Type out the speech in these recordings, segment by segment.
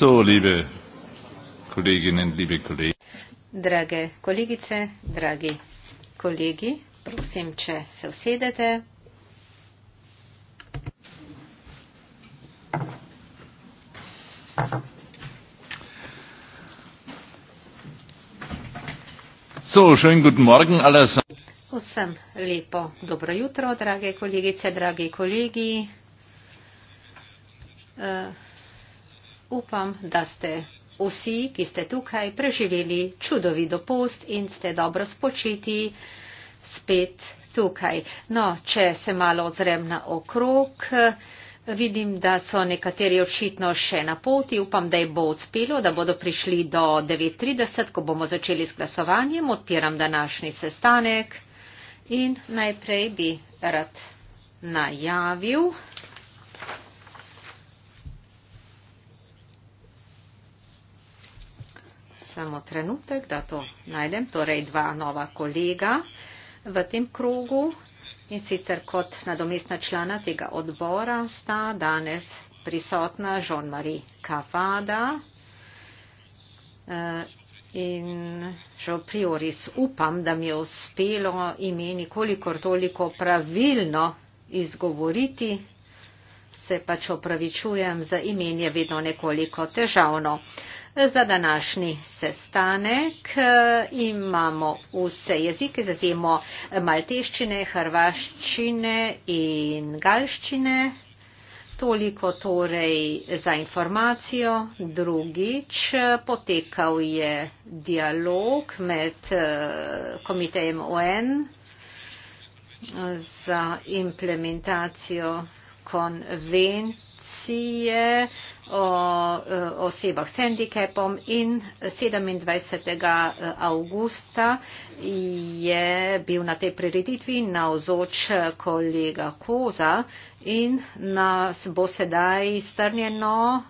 so, liebe Kolleginnen, liebe Kollegen. Drage kolegice, dragi kolegi, prosim, če se usedete. So, schönen guten Morgen allesamt. Vsem lepo dobro jutro, drage kolegice, dragi kolegi. Uh, Upam, da ste vsi, ki ste tukaj, preživeli čudovit dopust in ste dobro spočiti spet tukaj. No, če se malo ozrem na okrog, vidim, da so nekateri očitno še na poti. Upam, da je bo uspelo, da bodo prišli do 9.30, ko bomo začeli s glasovanjem. Odpiram današnji sestanek in najprej bi rad najavil. samo trenutek, da to najdem. Torej, dva nova kolega v tem krogu in sicer kot nadomestna člana tega odbora sta danes prisotna Jean-Marie Cavada eh, in že v prioris upam, da mi je uspelo ime nekolikor toliko pravilno izgovoriti. Se pač opravičujem, za imen je vedno nekoliko težavno. Uh, Za današnji sestanek eh, imamo vse jezike, zazemo malteščine, hrvaščine in galščine. Toliko torej za informacijo. Drugič potekal je dialog med eh, komitejem ON za implementacijo konvencije konvencije o e, osebah s handikepom in 27. E, avgusta je bil na tej prireditvi navzoč kolega Koza in nas bo sedaj strnjeno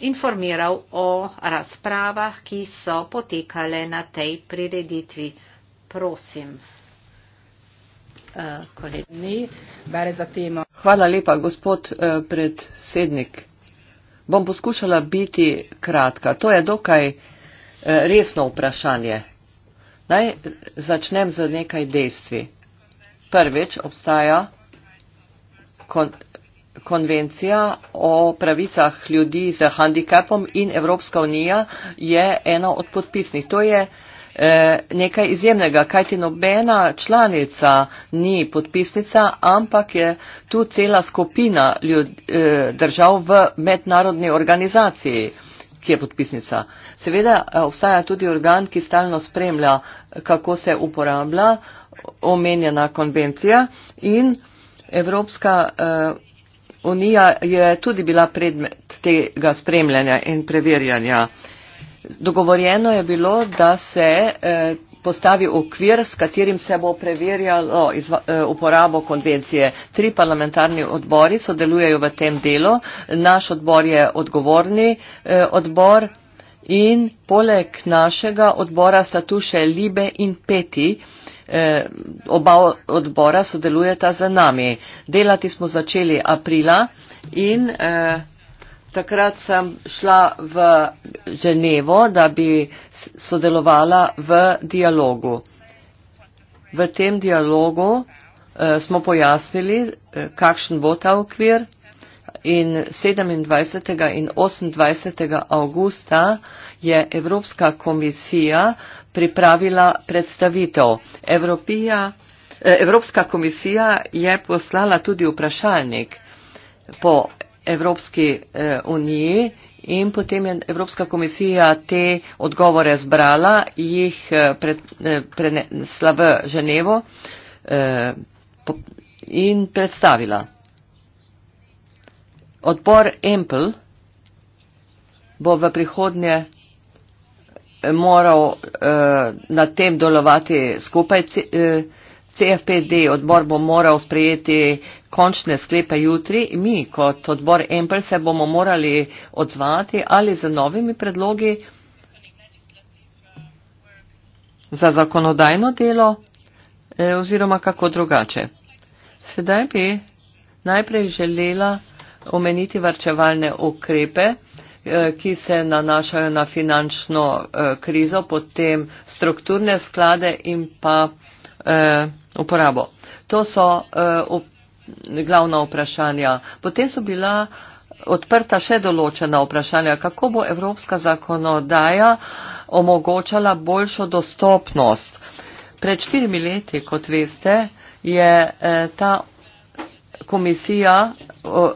informiral o razpravah, ki so potekale na tej prireditvi. Prosim, e, kolega. Ni, bere za temo. Hvala lepa, gospod eh, predsednik. Bom poskušala biti kratka. To je dokaj eh, resno vprašanje. Naj začnem z nekaj dejstvi. Prvič obstaja kon konvencija o pravicah ljudi z handikapom in Evropska unija je ena od podpisnih. To je uh, Eh, nekaj izjemnega, kajti nobena članica ni podpisnica, ampak je tu cela skupina ljud, eh, držav v mednarodni organizaciji, ki je podpisnica. Seveda eh, obstaja tudi organ, ki stalno spremlja, kako se uporablja omenjena konvencija in Evropska unija je tudi bila predmet tega spremljanja in preverjanja dogovorjeno je bilo, da se eh, postavi okvir, s katerim se bo preverjalo eh, uporabo konvencije. Tri parlamentarni odbori sodelujejo v tem delu. Naš odbor je odgovorni eh, odbor in poleg našega odbora sta tu še Libe in Peti. Oba odbora sodelujeta za nami. Delati smo začeli aprila in eh, Takrat sem šla v Ženevo, da bi sodelovala v dialogu. V tem dialogu eh, smo pojasnili, eh, kakšen bo ta okvir in 27. in 28. augusta je Evropska komisija pripravila predstavitev. Evropija, eh, Evropska komisija je poslala tudi vprašalnik po Evropski eh, uniji in potem je Evropska komisija te odgovore zbrala, jih eh, eh, prenesla v Ženevo in predstavila. Odbor EMPL bo v prihodnje moral na tem delovati skupaj. CFPD odbor bo moral sprejeti končne sklepe jutri, mi kot odbor EMPL se bomo morali odzvati ali z novimi predlogi za zakonodajno delo e, oziroma kako drugače. Sedaj bi najprej želela omeniti varčevalne ukrepe, e, ki se nanašajo na finančno e, krizo, potem strukturne sklade in pa eh, uporabo. To so uh, glavna vprašanja. Potem so bila odprta še določena vprašanja, kako bo evropska zakonodaja omogočala boljšo dostopnost. Pred štirimi leti, kot veste, je uh, ta komisija. Uh,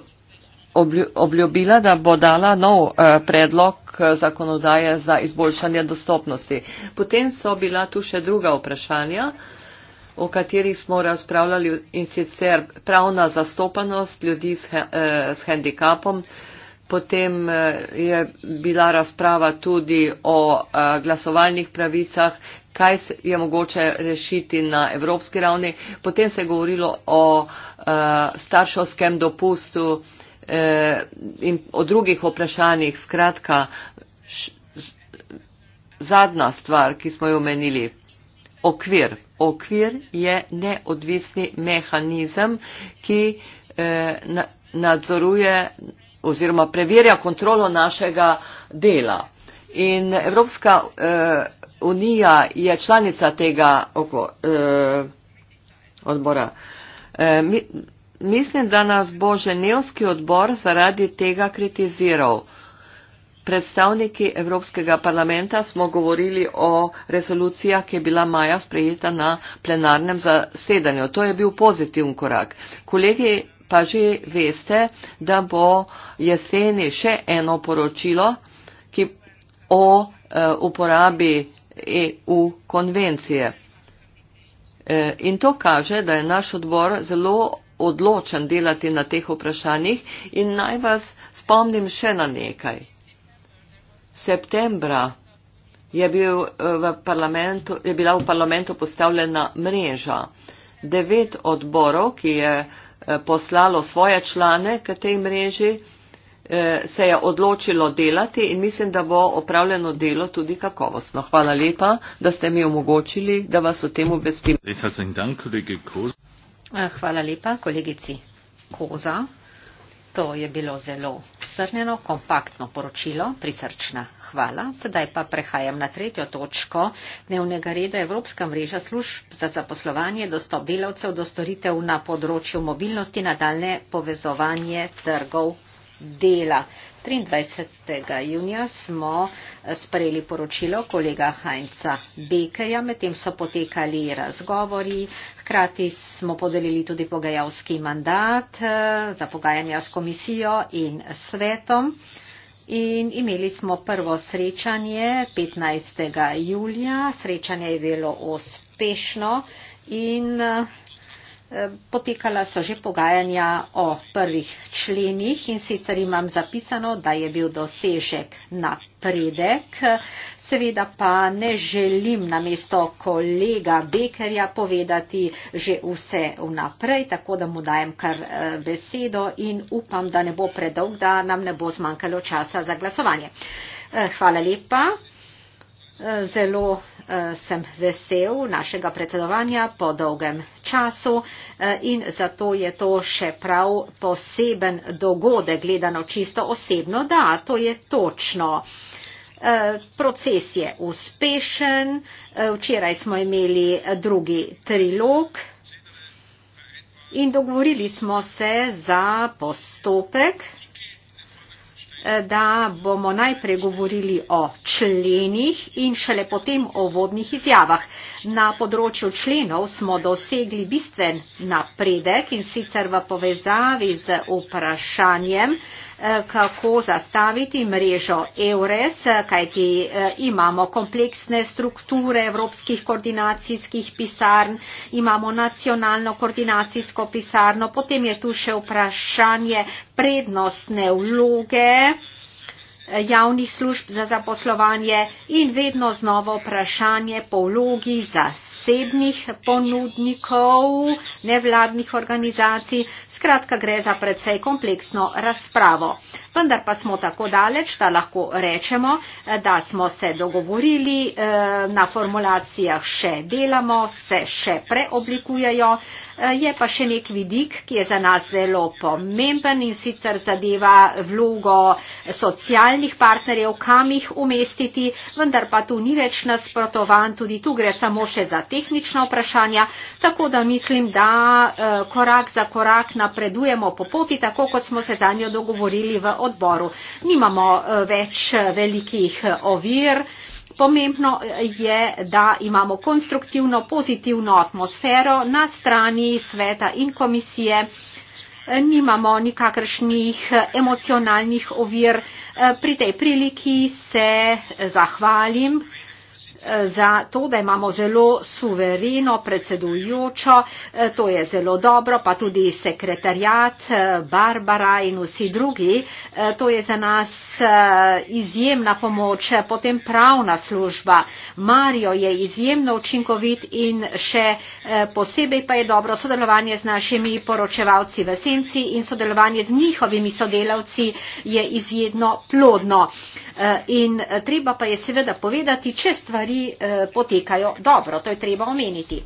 obljubila, da bo dala nov eh, predlog zakonodaje za izboljšanje dostopnosti. Potem so bila tu še druga vprašanja o katerih smo razpravljali in sicer pravna zastopanost ljudi s, eh, s handikapom, potem eh, je bila razprava tudi o eh, glasovalnih pravicah, kaj je mogoče rešiti na evropski ravni, potem se je govorilo o staršovskem dopustu in o drugih vprašanjih. Skratka, zadnja stvar, ki smo jo omenili, okvir okvir je neodvisni mehanizem, ki eh, nadzoruje oziroma preverja kontrolo našega dela. In Evropska eh, unija je članica tega eh, odbora. Mislim, da nas bo ženevski odbor zaradi tega kritiziral predstavniki Evropskega parlamenta smo govorili o rezolucijah, ki je bila maja sprejeta na plenarnem zasedanju. To je bil pozitivn korak. Kolegi pa že veste, da bo jeseni še eno poročilo ki, o eh, e, uporabi EU konvencije. E, in to kaže, da je naš odbor zelo odločen delati na teh vprašanjih in naj vas spomnim še na nekaj septembra je, bil eh, v je bila v parlamentu postavljena mreža. Devet odborov, ki je eh, poslalo svoje člane k tej mreži, eh, se je odločilo delati in mislim, da bo opravljeno delo tudi kakovostno. Hvala lepa, da ste mi omogočili, da vas o tem obvestim. Hvala lepa, kolegici Koza. To je bilo zelo strnjeno, kompaktno poročilo, prisrčna hvala. Sedaj pa prehajam na tretjo točko dnevnega reda Evropska mreža služb za zaposlovanje, dostop delavcev do storitev na področju mobilnosti, nadaljne povezovanje trgov dela. 23. junija smo eh, sprejeli poročilo kolega Heinza Bekeja, medtem so potekali razgovori, hkrati smo podelili tudi pogajalski mandat eh, za pogajanja s komisijo in svetom in imeli smo prvo srečanje 15. julija, srečanje je bilo uspešno in eh, Potekala so že pogajanja o prvih členih in sicer imam zapisano, da je bil dosežek napredek. Seveda pa ne želim na mesto kolega Bekerja povedati že vse vnaprej, tako da mu dajem kar eh, besedo in upam, da ne bo predolg, da nam ne bo zmanjkalo časa za glasovanje. Eh, hvala lepa. Zelo eh, sem vesel našega predsedovanja po dolgem času eh, in zato je to še prav poseben dogodek, gledano čisto osebno. Da, to je točno. Eh, proces je uspešen. Včeraj smo imeli drugi trilog in dogovorili smo se za postopek da bomo najprej govorili o členih in šele potem o vodnih izjavah. Na področju členov smo dosegli bistven napredek in sicer v povezavi z vprašanjem, Eh, kako zastaviti mrežo EURES, kajti eh, imamo kompleksne strukture evropskih koordinacijskih pisarn, imamo nacionalno koordinacijsko pisarno, potem je tu še vprašanje prednostne vloge javnih služb za zaposlovanje in vedno znova vprašanje po vlogi zasebnih ponudnikov, nevladnih organizacij. Skratka, gre za precej kompleksno razpravo. Vendar pa smo tako daleč, da lahko rečemo, da smo se dogovorili, eh, na formulacijah še delamo, se še preoblikujejo. Eh, je pa še nek vidik, ki je za nas zelo pomemben in sicer zadeva vlogo socialnih socialnih partnerjev, kam jih umestiti, vendar pa tu ni več nasprotovan, tudi tu gre samo še za tehnična vprašanja, tako da mislim, da eh, korak za korak napredujemo po poti, tako kot smo se za njo dogovorili v odboru. Nimamo eh, več eh, velikih ovir. Pomembno je, da imamo konstruktivno, pozitivno atmosfero na strani sveta in komisije nimamo nikakršnih eh, emocionalnih ovir. Eh, pri tej priliki se eh, zahvalim za to, da imamo zelo suvereno predsedujočo, e, to je zelo dobro, pa tudi sekretarjat, e, Barbara in vsi drugi, e, to je za nas izjemna pomoč, potem pravna služba. Mario je izjemno učinkovit in še posebej pa je dobro sodelovanje z našimi poročevalci v Senci in sodelovanje z njihovimi sodelavci je izjemno plodno. Eh, in eh, treba pa je seveda povedati, če stvari eh, potekajo dobro, to je treba omeniti.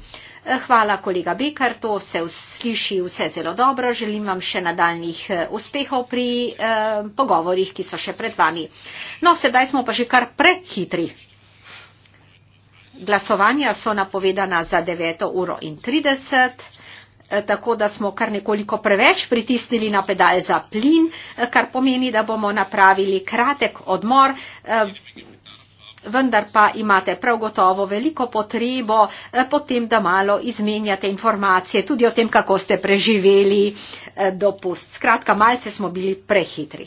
Hvala, kolega Bekar, to se sliši vse zelo dobro. Želim vam še nadaljnih uspehov pri eh, pogovorjih, ki so še pred vami. No, sedaj smo pa že kar prehitri. Glasovanja so napovedana za 9.30 ur. Eh, tako da smo kar nekoliko preveč pritisnili na pedal za plin, eh, kar pomeni, da bomo napravili kratek odmor. Eh, vendar pa imate prav gotovo veliko potrebo potem, da malo izmenjate informacije tudi o tem, kako ste preživeli dopust. Skratka, malce smo bili prehitri.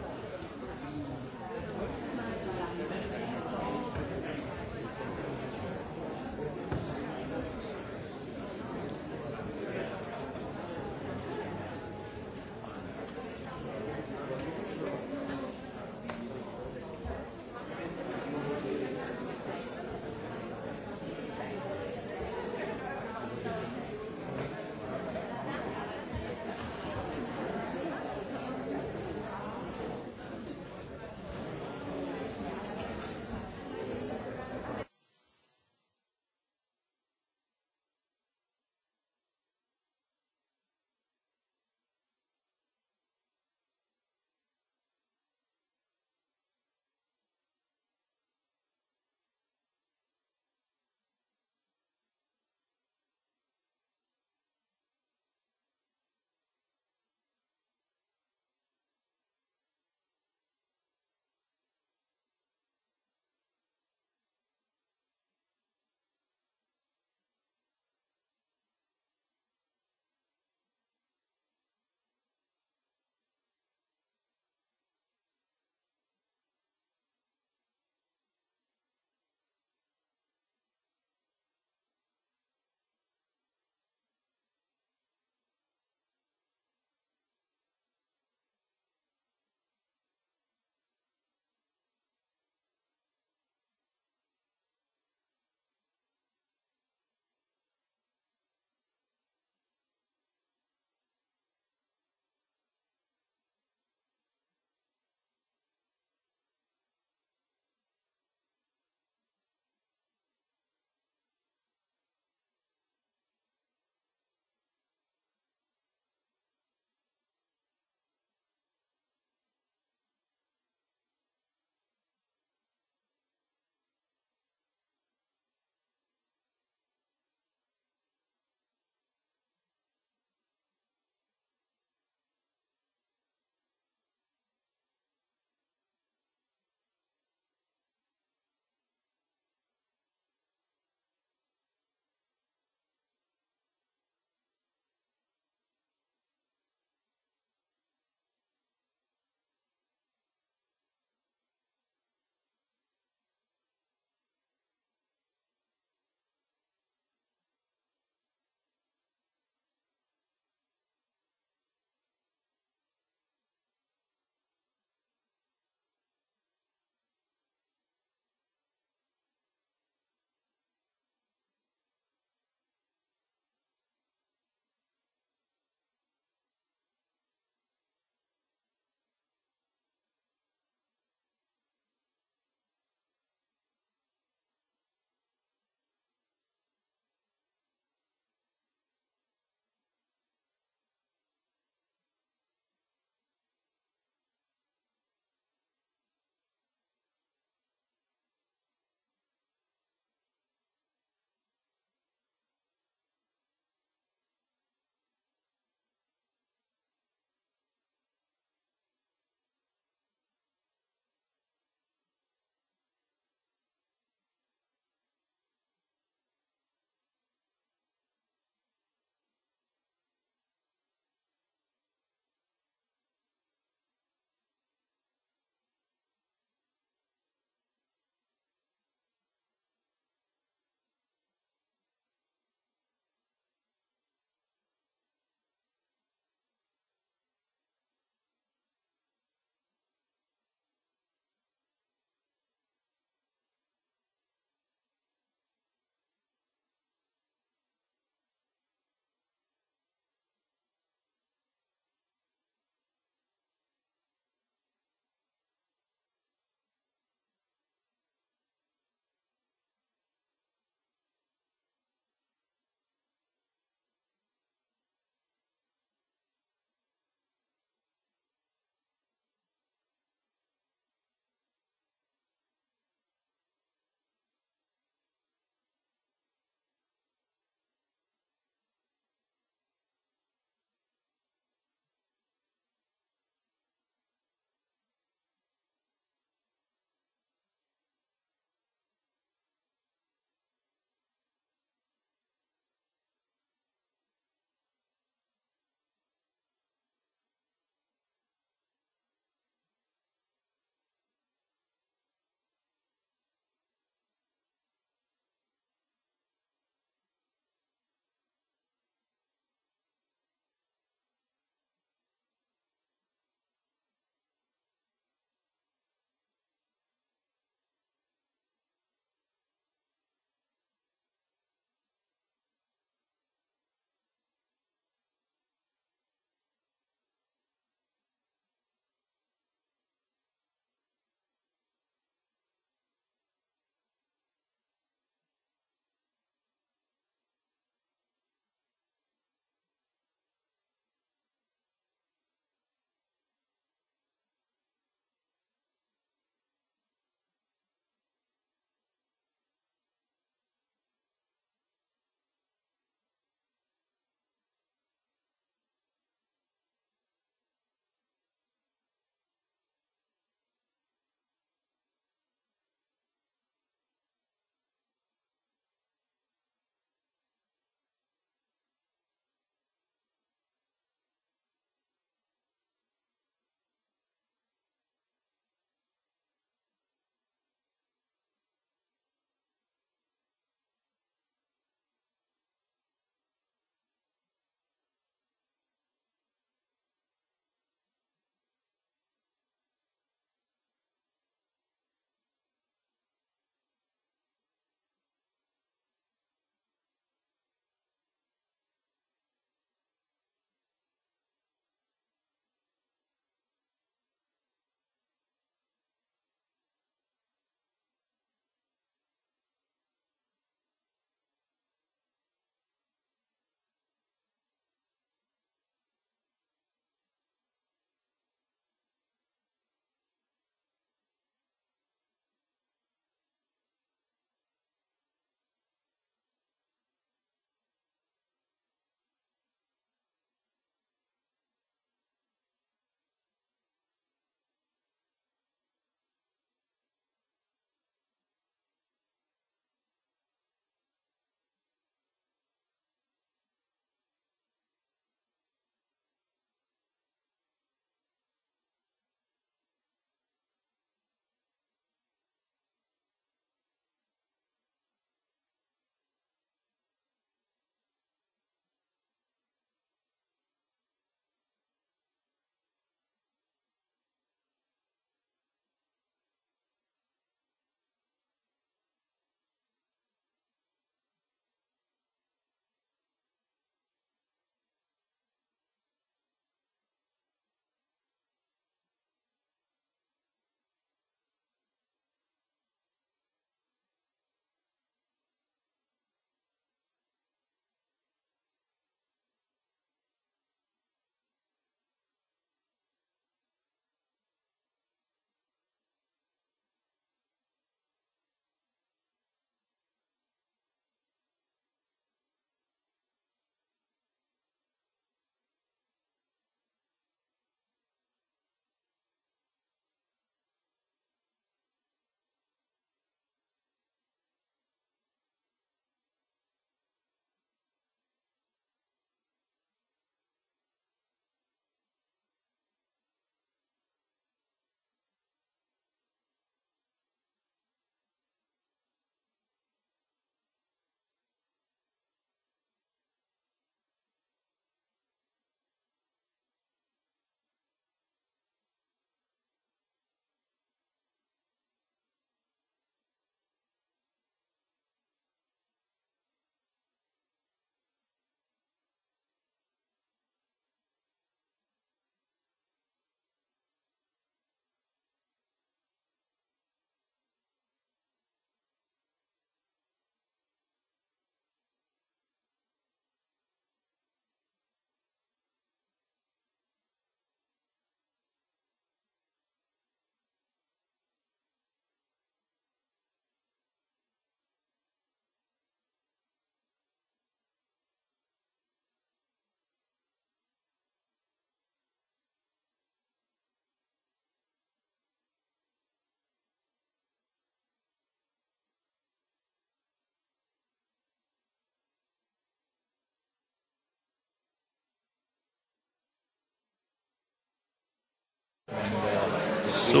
So,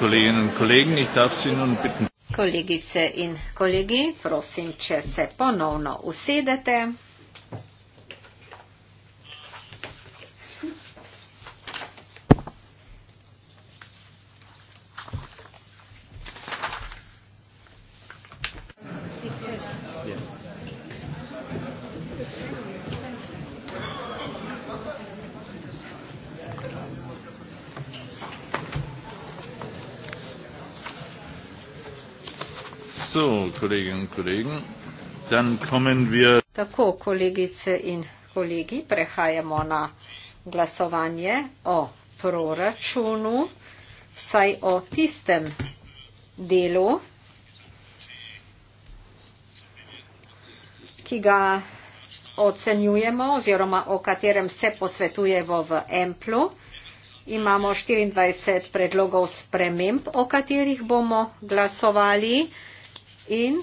kolegin in kolegin, ich darf Sie nun bitten. Kolegice in kolegi, prosim, če se ponovno usedete. Kolleginnen und Kollegen. Dann kommen wir. Tako, kolegice in kolegi, prehajamo na glasovanje o proračunu, saj o tistem delu, ki ga ocenjujemo oziroma o katerem se posvetujemo v Emplu. Imamo 24 predlogov sprememb, o katerih bomo glasovali in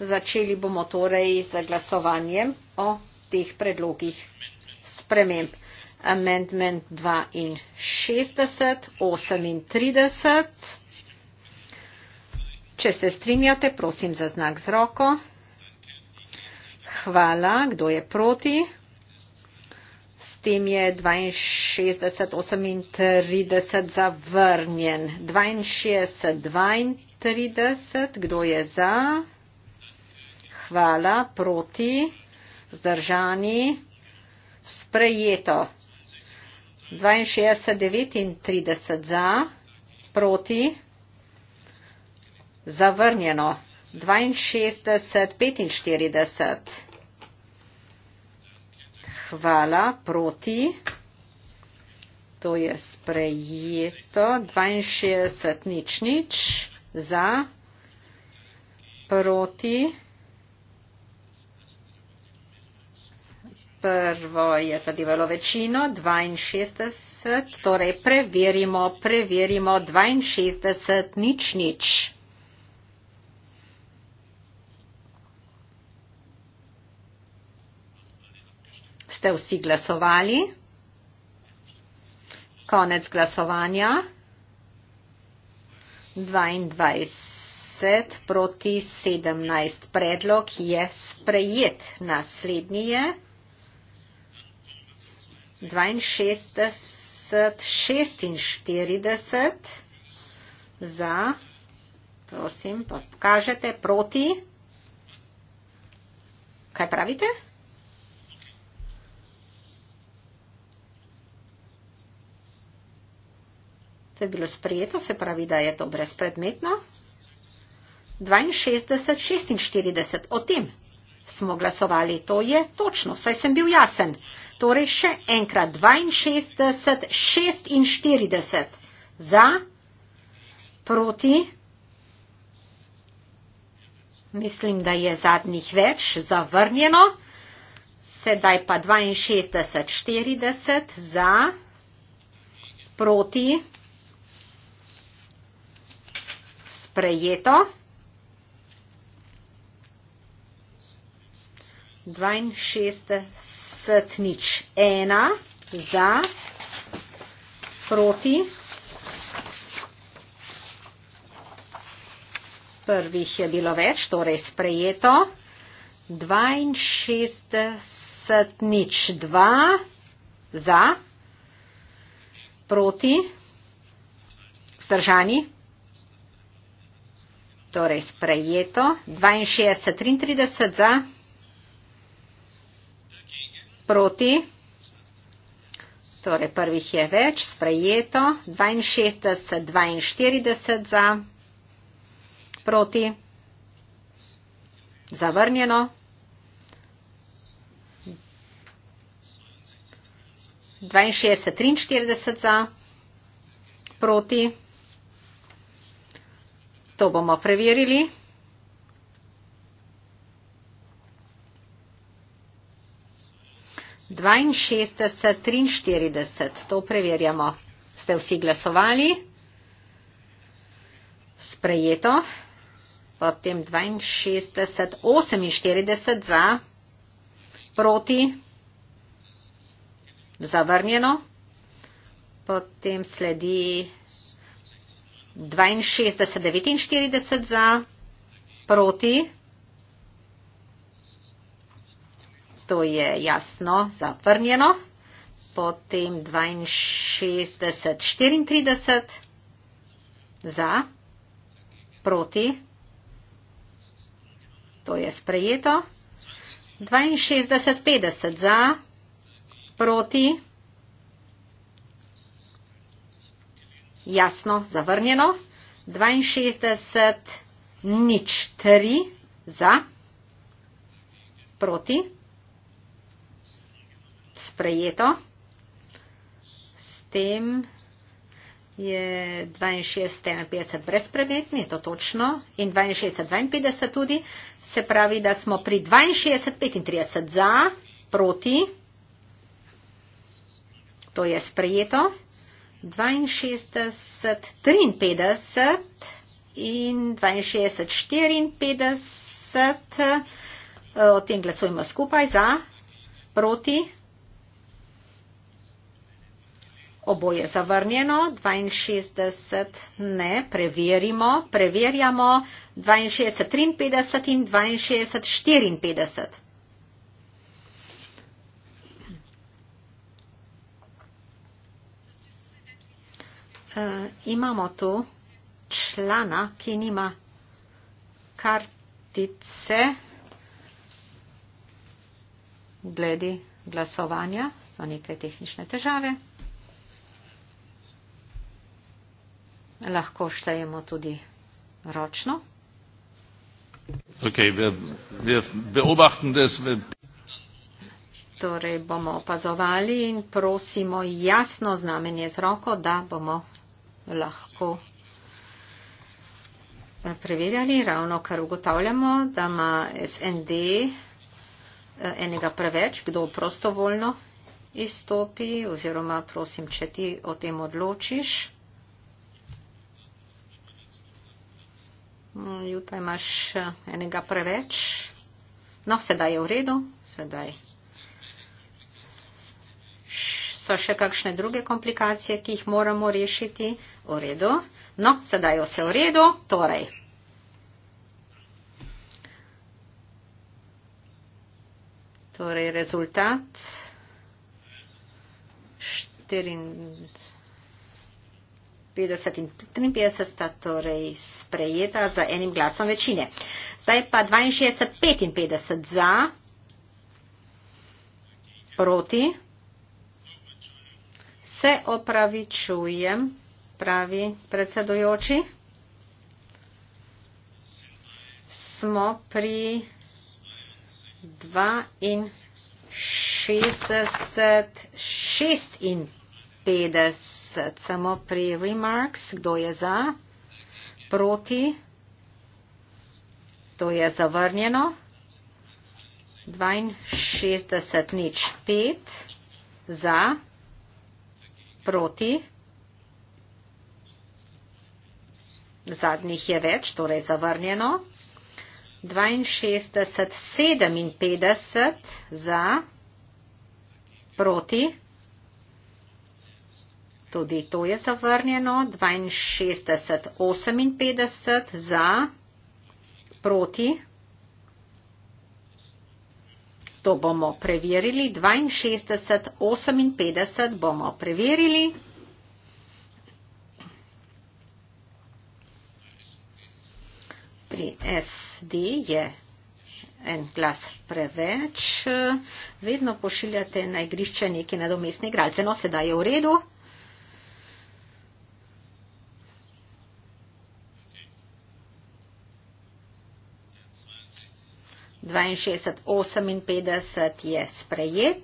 začeli bomo torej z glasovanjem o teh predlogih sprememb. Amendment 62, 38. Če se strinjate, prosim za znak z roko. Hvala. Kdo je proti? S tem je 62, 38 zavrnjen. 62, 32. 30. Kdo je za? Hvala. Proti. Zdržani. Sprejeto. 62. 39 za. Proti. Zavrnjeno. 62. 45. Hvala. Proti. To je sprejeto. 62. nič nič za, proti. Prvo je zadevalo večino, 62, torej preverimo, preverimo, 62, nič, nič. Ste vsi glasovali? Konec glasovanja. 22 proti 17. Predlog je sprejet. Naslednji je 62, 46 za, prosim, pa pokažete proti. Kaj pravite? To je bilo sprejeto, se pravi, da je to brezpredmetno. 62-46 o tem smo glasovali, to je točno, saj sem bil jasen. Torej še enkrat 62-46 za, proti, mislim, da je zadnjih več zavrnjeno, sedaj pa 62-40 za, proti. sprejeto. 62 nič 1 za proti. Prvih je bilo več, torej sprejeto. 62 nič 2 za proti. Stržani. Torej sprejeto. 62-33 za. Proti. Torej prvih je več. Sprejeto. 62-42 za. Proti. Zavrnjeno. 62-43 za. Proti. To bomo preverili. Dvainšestdeset, triinštirideset, to preverjamo. Ste vsi glasovali? Sprejeto. Potem dvainšestdeset, oseminštirideset za, proti, zavrnjeno. Potem sledi 62, 49 za, proti. To je jasno zavrnjeno. Potem 62, 34 za, proti. To je sprejeto. 62, 50 za, proti. jasno zavrnjeno, 62 nič 3 za, proti, sprejeto. S tem je 62, 51 brezpredmetni, je to točno, in 62, 52 tudi, se pravi, da smo pri 62, 35 za, proti, to je sprejeto. 62, 53 in 62, 54. O tem glasujemo skupaj za, proti. Oboje zavrnjeno, 62 ne, preverimo, preverjamo 62, 53 in 62, 54. uh, imamo tu člana, ki nima kartice glede glasovanja. So neke tehnične težave. Lahko štejemo tudi ročno. Okay, wir, wir beobachten das. Torej bomo opazovali in prosimo jasno znamenje z roko, da bomo lahko eh, preverjali. Ravno kar ugotavljamo, da ima SND eh, enega preveč, kdo prostovoljno izstopi oziroma prosim, če ti o tem odločiš. Mm, Jutaj imaš eh, enega preveč. No, sedaj je v redu, sedaj so še kakšne druge komplikacije, ki jih moramo rešiti. V redu. No, sedaj je vse v redu. Torej. Torej, rezultat 54 in 53 sta torej sprejeta za enim glasom večine. Zdaj pa 62, 55 za, proti. Se opravičujem, pravi predsedujoči. Smo pri 62, 56, samo pri remarks, kdo je za, proti, to je zavrnjeno, 62, nič, 5, za, proti, zadnjih je več, torej zavrnjeno, 62, 57 za, proti, tudi to je zavrnjeno, 62, 58 za, proti. To bomo preverili. 62, 58 bomo preverili. Pri SD je en glas preveč. Vedno pošiljate na igrišče neki nadomestni igralce. No, sedaj je v redu. dvainšestdeset oseminpetdeset je sprejet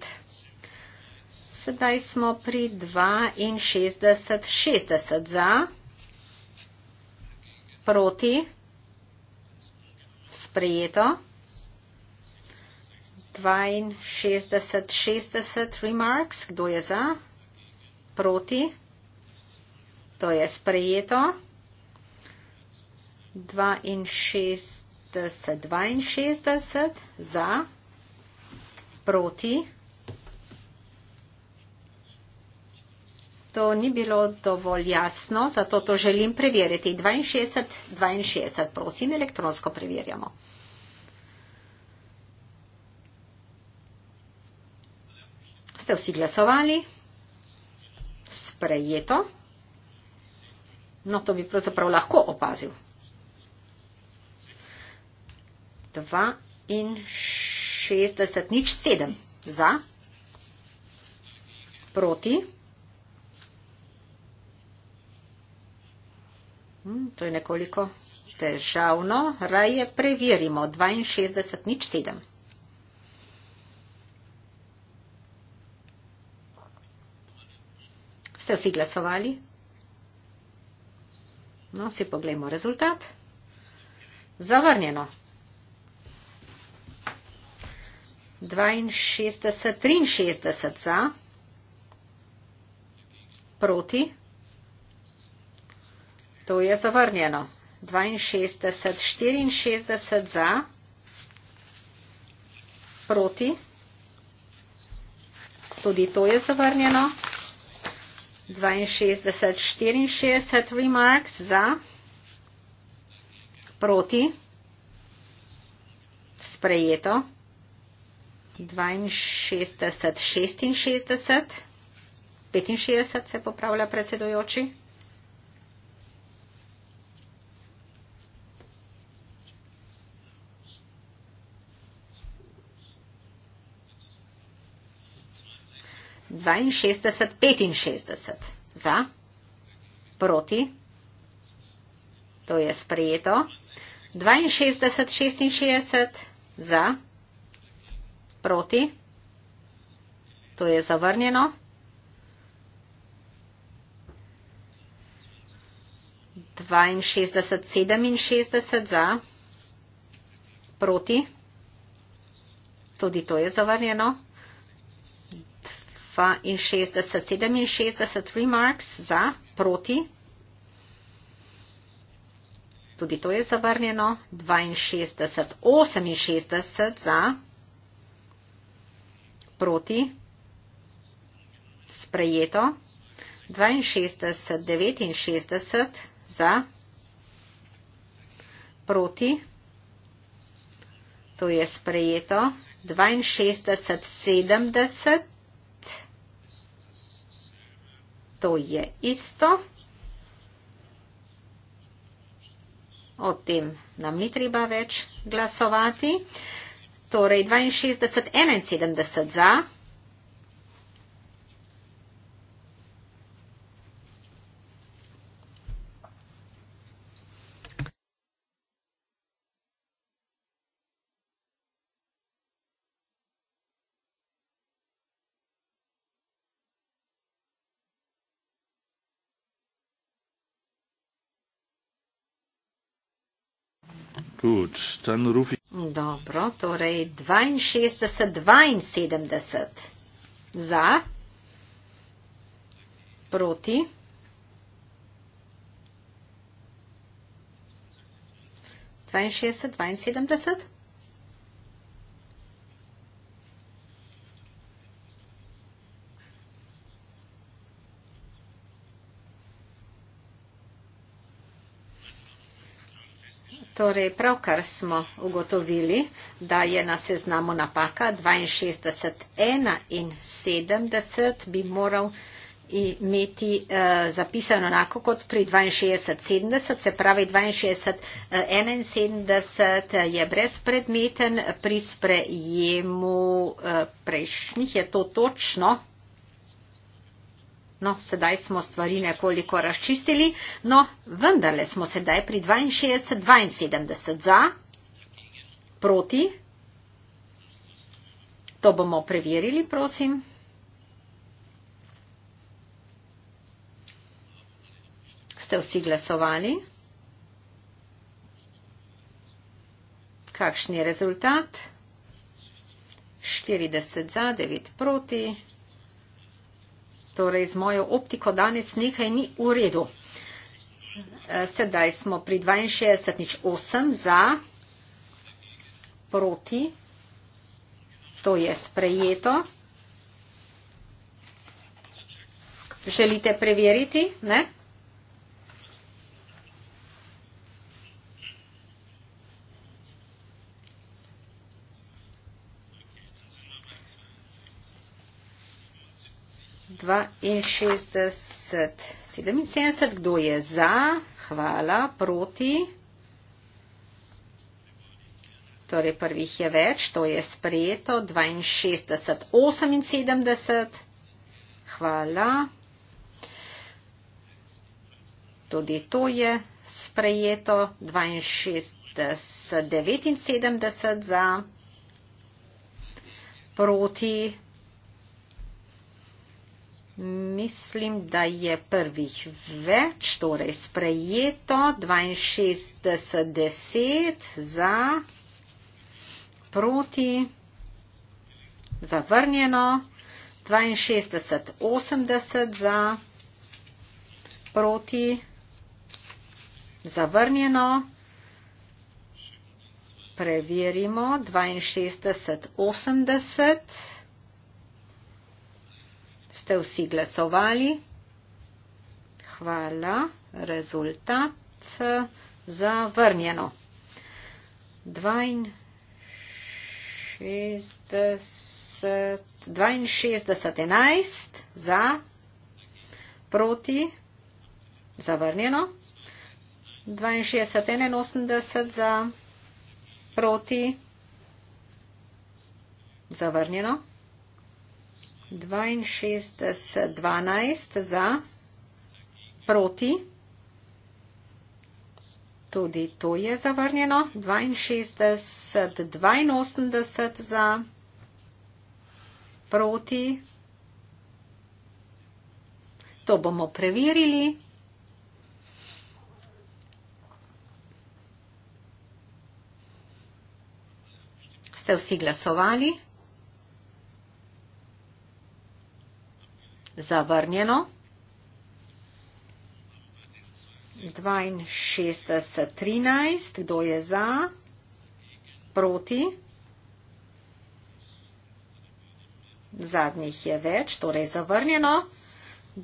sedaj smo pri dvainšestdeset šestdeset za proti sprejeto dvainšestdeset šestdeset remarks kdo je za proti to je sprejeto dvainšestdeset 60, 62 za, proti. To ni bilo dovolj jasno, zato to želim preveriti. 62, 62, prosim, elektronsko preverjamo. Ste vsi glasovali? Sprejeto. No, to bi pravzaprav lahko opazil. 62, nič 7 za, proti. Hm, to je nekoliko težavno, raje preverimo. 62, nič 7. Ste vsi glasovali? No, si poglejmo rezultat. Zavrnjeno. 62, 63 za, proti. To je zavrnjeno. 62, 64 za, proti. Tudi to je zavrnjeno. 62, 64 remarks za, proti. Sprejeto. 62, 66, 65 se popravlja predsedujoči. Dvainšestdeset, petinšestdeset za, proti, to je sprejeto, dvainšestdeset, šestinšestdeset za proti. To je zavrnjeno. Dvainšestdeset, sedeminšestdeset za, proti, tudi to je zavrnjeno. Dvainšestdeset, sedeminšestdeset remarks za, proti, tudi to je zavrnjeno. Dvainšestdeset, oseminšestdeset za, proti proti, sprejeto, 62, 69 za, proti, to je sprejeto, 62, 70, to je isto. O tem nam ni treba več glasovati torej dvainšestdeset enainsedemdeset za Dobro, torej 62, 72 za, proti. Dvainšestdeset, dvainsedemdeset. Torej, pravkar smo ugotovili, da je na seznamu napaka 62.71 bi moral imeti eh, zapisano enako kot pri 62.70, se pravi 62.71 je brezpredmeten pri sprejemu eh, prejšnjih, je to točno. No, sedaj smo stvari nekoliko razčistili, no, vendarle smo sedaj pri 62-72 za, proti. To bomo preverili, prosim. Ste vsi glasovali? Kakšen je rezultat? 40 za, 9 proti. Torej, z mojo optiko danes nekaj ni v redu. E, sedaj smo pri 62 nič 8 za, proti, to je sprejeto. Želite preveriti? Ne? 62. 77. Kdo je za? Hvala. Proti. Torej prvih je več, to je sprejeto. 62. 78. Hvala. Tudi to je sprejeto. 62. 79 za. Proti mislim, da je prvih več, torej sprejeto 62-10 za proti, zavrnjeno 62-80 za proti, zavrnjeno. Preverimo 62-80. Ste vsi glasovali? Hvala. Rezultat eh, zavrnjeno. 62, 11 za, proti, zavrnjeno. 62, 81 za, proti, zavrnjeno. 62, 12 za, proti. Tudi to je zavrnjeno. 62, 82 za, proti. To bomo preverili. Ste vsi glasovali? zavrnjeno. 62.13. Kdo je za? Proti? Zadnjih je več, torej zavrnjeno.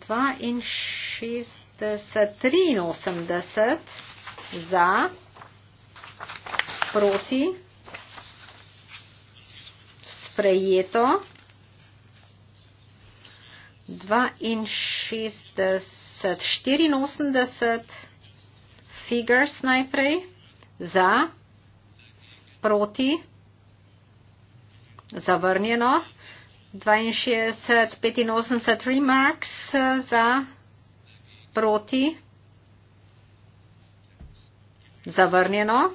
62.83. Za? Proti? Sprejeto? 62, 84 figures najprej za, proti, zavrnjeno, 62, 85 remarks eh, za, proti, zavrnjeno,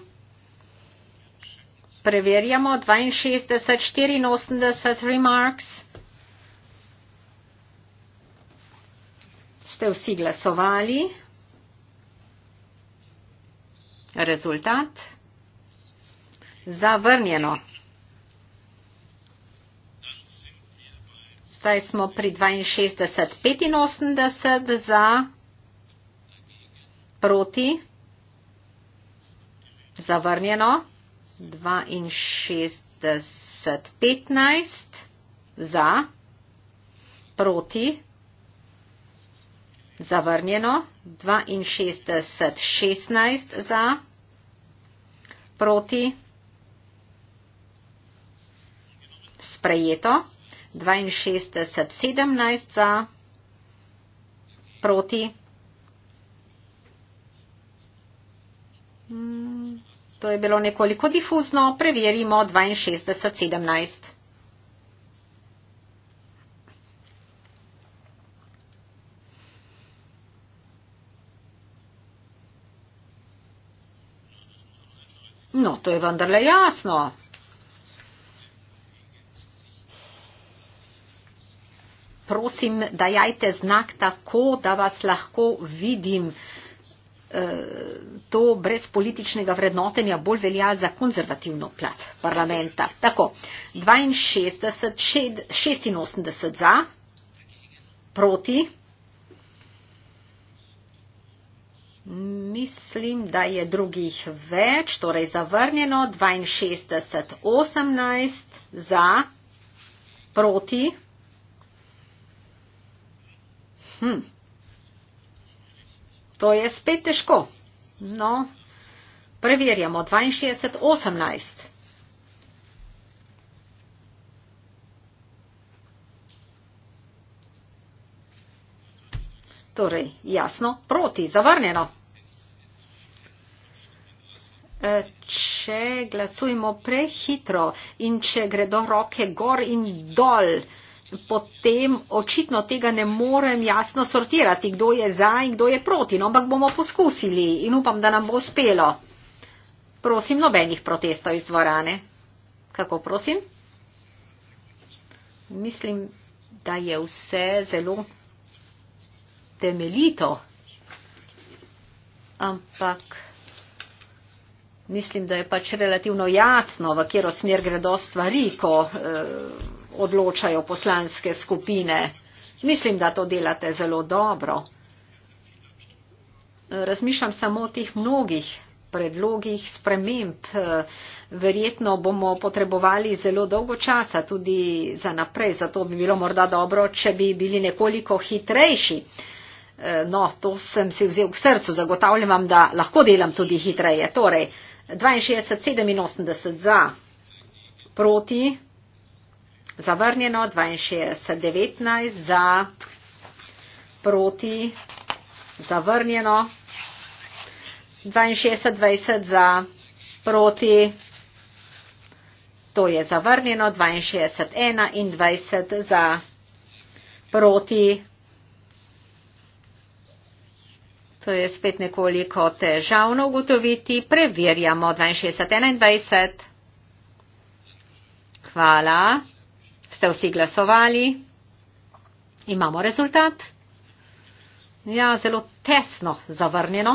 preverjamo, 62, 84 remarks ste vsi glasovali. Rezultat? Zavrnjeno. Zdaj smo pri 62-85 za proti. Zavrnjeno. 62-15 za proti. Zavrnjeno 62, 16 za, proti sprejeto 62, 17 za, proti. Hmm, to je bilo nekoliko difuzno, preverimo 62, 17. to je vendarle jasno. Prosim, dajajte znak tako, da vas lahko vidim. E, to brez političnega vrednotenja bolj velja za konzervativno plat parlamenta. Tako, 62, 86 za, proti. Mislim, da je drugih več, torej zavrnjeno 62-18 za proti. Hm. To je spet težko. No, preverjamo 62-18. Torej, jasno, proti, zavrnjeno. E, če glasujemo prehitro in če gredo roke gor in dol, potem očitno tega ne morem jasno sortirati, kdo je za in kdo je proti. No, ampak bomo poskusili in upam, da nam bo uspelo. Prosim, nobenih protestov iz dvorane. Kako prosim? Mislim, da je vse zelo temeljito, ampak mislim, da je pač relativno jasno, v kjero smer gredo stvari, ko eh, odločajo poslanske skupine. Mislim, da to delate zelo dobro. Razmišljam samo o tih mnogih predlogih sprememb. Verjetno bomo potrebovali zelo dolgo časa tudi za naprej, zato bi bilo morda dobro, če bi bili nekoliko hitrejši. Eh, no, to sem si vzel k srcu, zagotavljam vam, da lahko delam tudi hitreje. Torej, 62,87 za, proti, zavrnjeno, 62,19 za, proti, zavrnjeno, 62,20 za, proti, to je zavrnjeno, 62,21 za, proti. To je spet nekoliko težavno ugotoviti. Preverjamo 62-21. Hvala. Ste vsi glasovali? Imamo rezultat? Ja, zelo tesno zavrnjeno.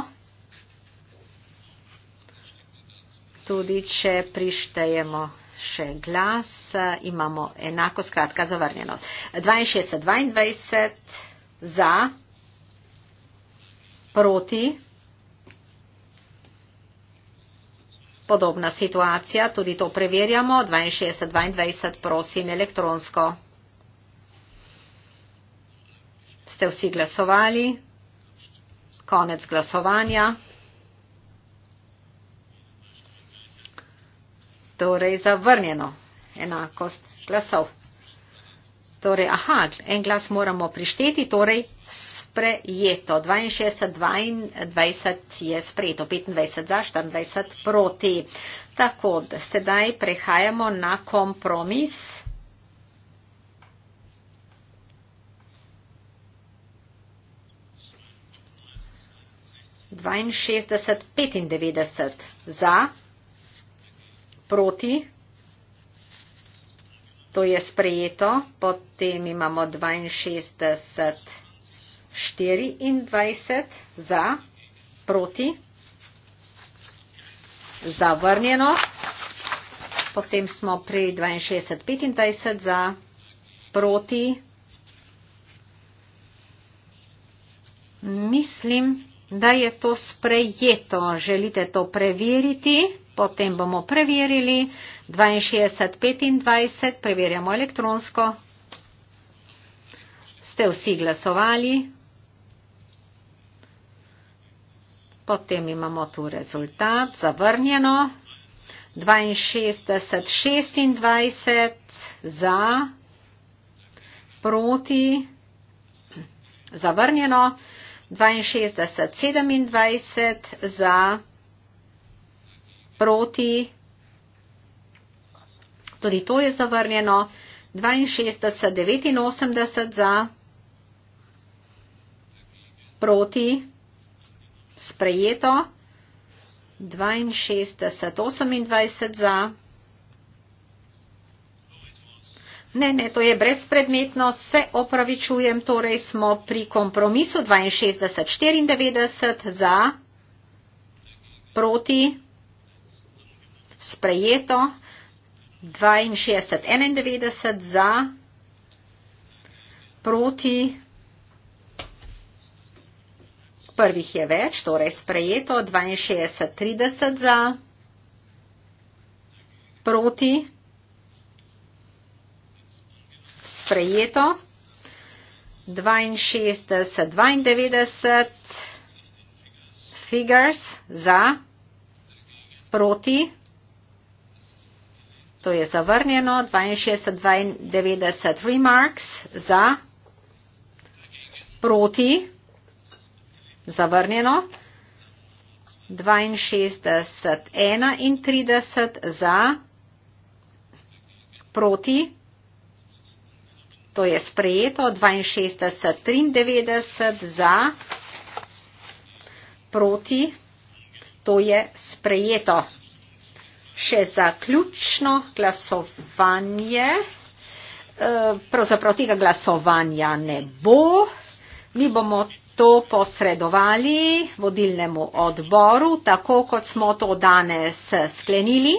Tudi če prištejemo še glas, imamo enako skratka zavrnjeno. 62-22 za proti. Podobna situacija, tudi to preverjamo, 62-22, prosim, elektronsko. Ste vsi glasovali? Konec glasovanja. Torej zavrnjeno enakost glasov. Torej, aha, en glas moramo prišteti, torej sprejeto. 62-22 je sprejeto, 25 za, 24 proti. Tako, sedaj prehajamo na kompromis. Dvainšestdeset petindevetdeset za proti To je sprejeto, potem imamo 62, 24 za, proti, zavrnjeno. Potem smo pri 62, 25 za, proti. Mislim, da je to sprejeto. Želite to preveriti? Potem bomo preverili 62-25, preverjamo elektronsko. Ste vsi glasovali? Potem imamo tu rezultat, zavrnjeno. 62-26 za, proti, zavrnjeno. 62-27 za proti. Tudi to je zavrnjeno. 62, 89 za, proti, sprejeto. 62, 28 za. Ne, ne, to je brezpredmetno, se opravičujem, torej smo pri kompromisu 62-94 za, proti, sprejeto 62-91 za proti prvih je več, torej sprejeto 62-30 za proti sprejeto 62-92 figures za proti. To je zavrnjeno. 62-92 remarks za. Proti. Zavrnjeno. 62-31 za. Proti. To je sprejeto. 62-93 za. Proti. To je sprejeto še zaključno glasovanje. Eh, pravzaprav tega glasovanja ne bo. Mi bomo to posredovali vodilnemu odboru, tako kot smo to danes eh, sklenili.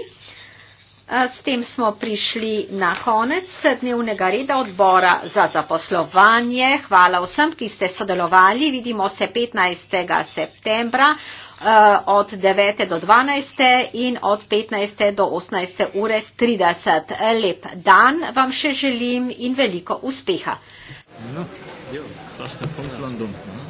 Eh, s tem smo prišli na konec dnevnega reda odbora za zaposlovanje. Hvala vsem, ki ste sodelovali. Vidimo se 15. septembra. Eh, od 9. do 12. in od 15. do 18. ure 30. Lep dan vam še želim in veliko uspeha. No, jo,